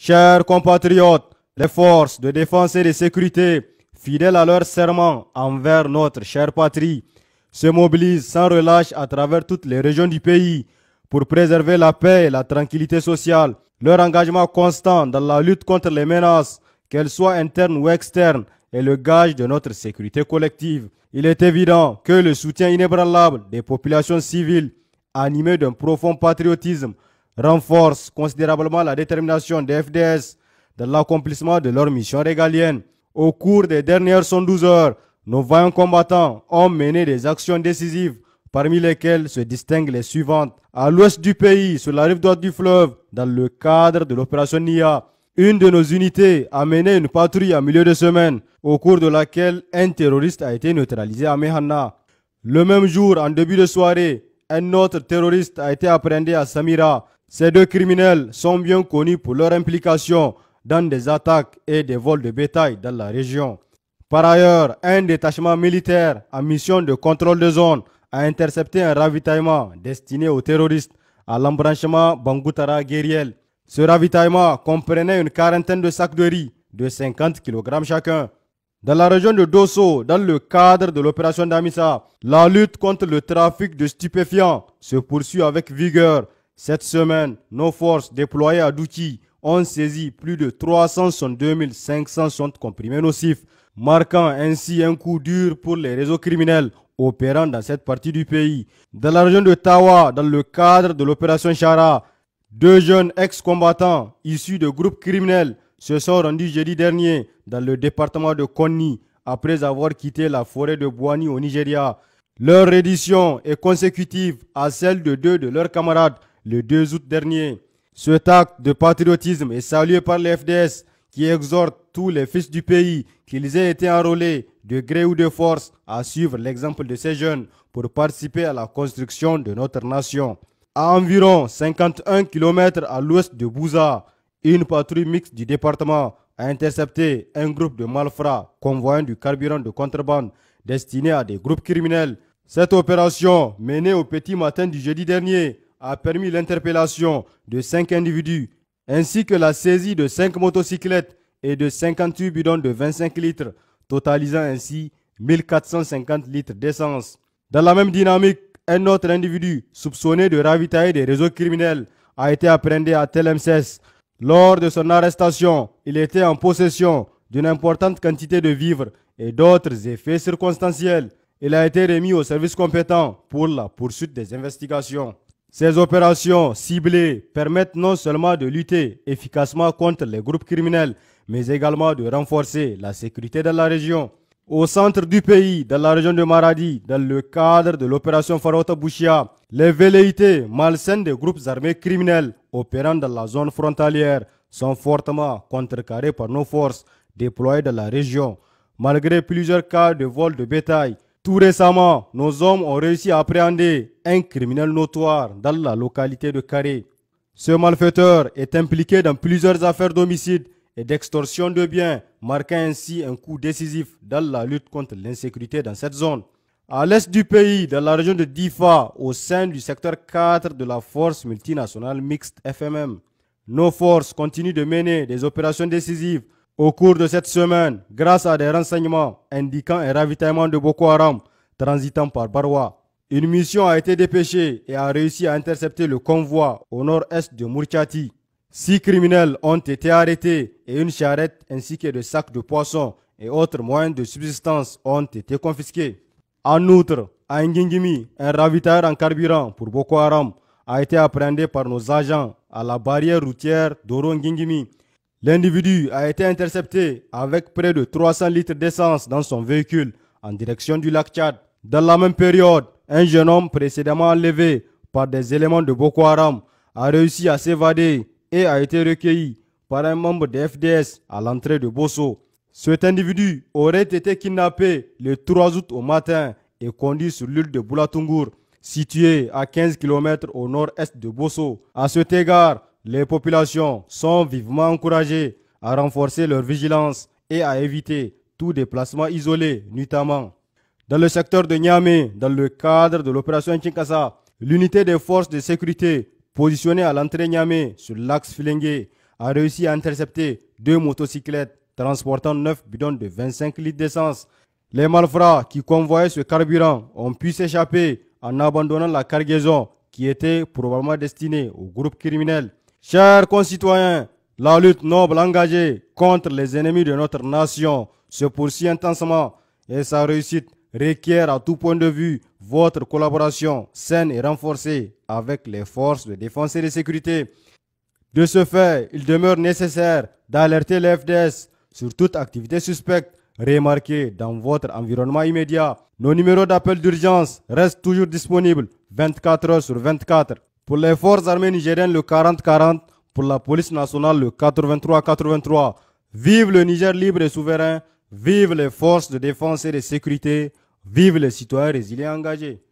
Chers compatriotes, les forces de défense et de sécurité, fidèles à leur serment envers notre chère patrie, se mobilisent sans relâche à travers toutes les régions du pays pour préserver la paix et la tranquillité sociale. Leur engagement constant dans la lutte contre les menaces, qu'elles soient internes ou externes, est le gage de notre sécurité collective. Il est évident que le soutien inébranlable des populations civiles, animées d'un profond patriotisme, renforce considérablement la détermination des FDS dans l'accomplissement de leur mission régalienne. Au cours des dernières 112 heures, nos vaillants combattants ont mené des actions décisives, parmi lesquelles se distinguent les suivantes. À l'ouest du pays, sur la rive droite du fleuve, dans le cadre de l'opération NIA, une de nos unités a mené une patrouille en milieu de semaine, au cours de laquelle un terroriste a été neutralisé à Mehanna. Le même jour, en début de soirée, un autre terroriste a été appréhendé à Samira, ces deux criminels sont bien connus pour leur implication dans des attaques et des vols de bétail dans la région. Par ailleurs, un détachement militaire en mission de contrôle de zone a intercepté un ravitaillement destiné aux terroristes à l'embranchement Bangoutara guerriel Ce ravitaillement comprenait une quarantaine de sacs de riz de 50 kg chacun. Dans la région de Dosso, dans le cadre de l'opération d'Amissa, la lutte contre le trafic de stupéfiants se poursuit avec vigueur cette semaine, nos forces déployées à Douti ont saisi plus de 362 560 comprimés nocifs, marquant ainsi un coup dur pour les réseaux criminels opérant dans cette partie du pays. Dans la région de Tawa, dans le cadre de l'opération Chara, deux jeunes ex-combattants issus de groupes criminels se sont rendus jeudi dernier dans le département de Konni après avoir quitté la forêt de Boani au Nigeria. Leur reddition est consécutive à celle de deux de leurs camarades le 2 août dernier. ce acte de patriotisme est salué par les FDS qui exhorte tous les fils du pays, qu'ils aient été enrôlés de gré ou de force, à suivre l'exemple de ces jeunes pour participer à la construction de notre nation. À environ 51 km à l'ouest de Bouza, une patrouille mixte du département a intercepté un groupe de malfrats convoyant du carburant de contrebande destiné à des groupes criminels. Cette opération, menée au petit matin du jeudi dernier, a permis l'interpellation de cinq individus ainsi que la saisie de cinq motocyclettes et de 58 bidons de 25 litres, totalisant ainsi 1450 litres d'essence. Dans la même dynamique, un autre individu soupçonné de ravitailler des réseaux criminels a été appréhendé à Telemses. Lors de son arrestation, il était en possession d'une importante quantité de vivres et d'autres effets circonstanciels. Il a été remis au service compétent pour la poursuite des investigations. Ces opérations ciblées permettent non seulement de lutter efficacement contre les groupes criminels, mais également de renforcer la sécurité de la région. Au centre du pays, dans la région de Maradi, dans le cadre de l'opération Farota Bouchia, les velléités malsaines des groupes armés criminels opérant dans la zone frontalière sont fortement contrecarrées par nos forces déployées dans la région. Malgré plusieurs cas de vol de bétail, tout récemment, nos hommes ont réussi à appréhender un criminel notoire dans la localité de Carré. Ce malfaiteur est impliqué dans plusieurs affaires d'homicide et d'extorsion de biens, marquant ainsi un coup décisif dans la lutte contre l'insécurité dans cette zone. À l'est du pays, dans la région de Difa, au sein du secteur 4 de la force multinationale mixte FMM, nos forces continuent de mener des opérations décisives au cours de cette semaine, grâce à des renseignements indiquant un ravitaillement de Boko Haram transitant par Barwa, une mission a été dépêchée et a réussi à intercepter le convoi au nord-est de Murchati. Six criminels ont été arrêtés et une charrette ainsi que des sacs de poissons et autres moyens de subsistance ont été confisqués. En outre, à Ngingimi, un ravitaillement en carburant pour Boko Haram a été appréhendé par nos agents à la barrière routière d'Oro Ngingimi L'individu a été intercepté avec près de 300 litres d'essence dans son véhicule en direction du lac Tchad. Dans la même période, un jeune homme précédemment enlevé par des éléments de Boko Haram a réussi à s'évader et a été recueilli par un membre des FDS à l'entrée de Bosso. Cet individu aurait été kidnappé le 3 août au matin et conduit sur l'île de Boulatungur, située à 15 km au nord-est de Bosso. À cet égard, les populations sont vivement encouragées à renforcer leur vigilance et à éviter tout déplacement isolé, notamment. Dans le secteur de Niamey, dans le cadre de l'opération Chinkasa, l'unité des forces de sécurité positionnée à l'entrée Niamey sur l'axe Filengue a réussi à intercepter deux motocyclettes transportant 9 bidons de 25 litres d'essence. Les malfrats qui convoyaient ce carburant ont pu s'échapper en abandonnant la cargaison qui était probablement destinée au groupe criminel. Chers concitoyens, la lutte noble engagée contre les ennemis de notre nation se poursuit intensément et sa réussite requiert à tout point de vue votre collaboration saine et renforcée avec les forces de défense et de sécurité. De ce fait, il demeure nécessaire d'alerter l'FDS sur toute activité suspecte remarquée dans votre environnement immédiat. Nos numéros d'appel d'urgence restent toujours disponibles 24 heures sur 24. Pour les forces armées nigériennes, le 40-40. Pour la police nationale, le 83-83. Vive le Niger libre et souverain. Vive les forces de défense et de sécurité. Vive les citoyens résilients engagés.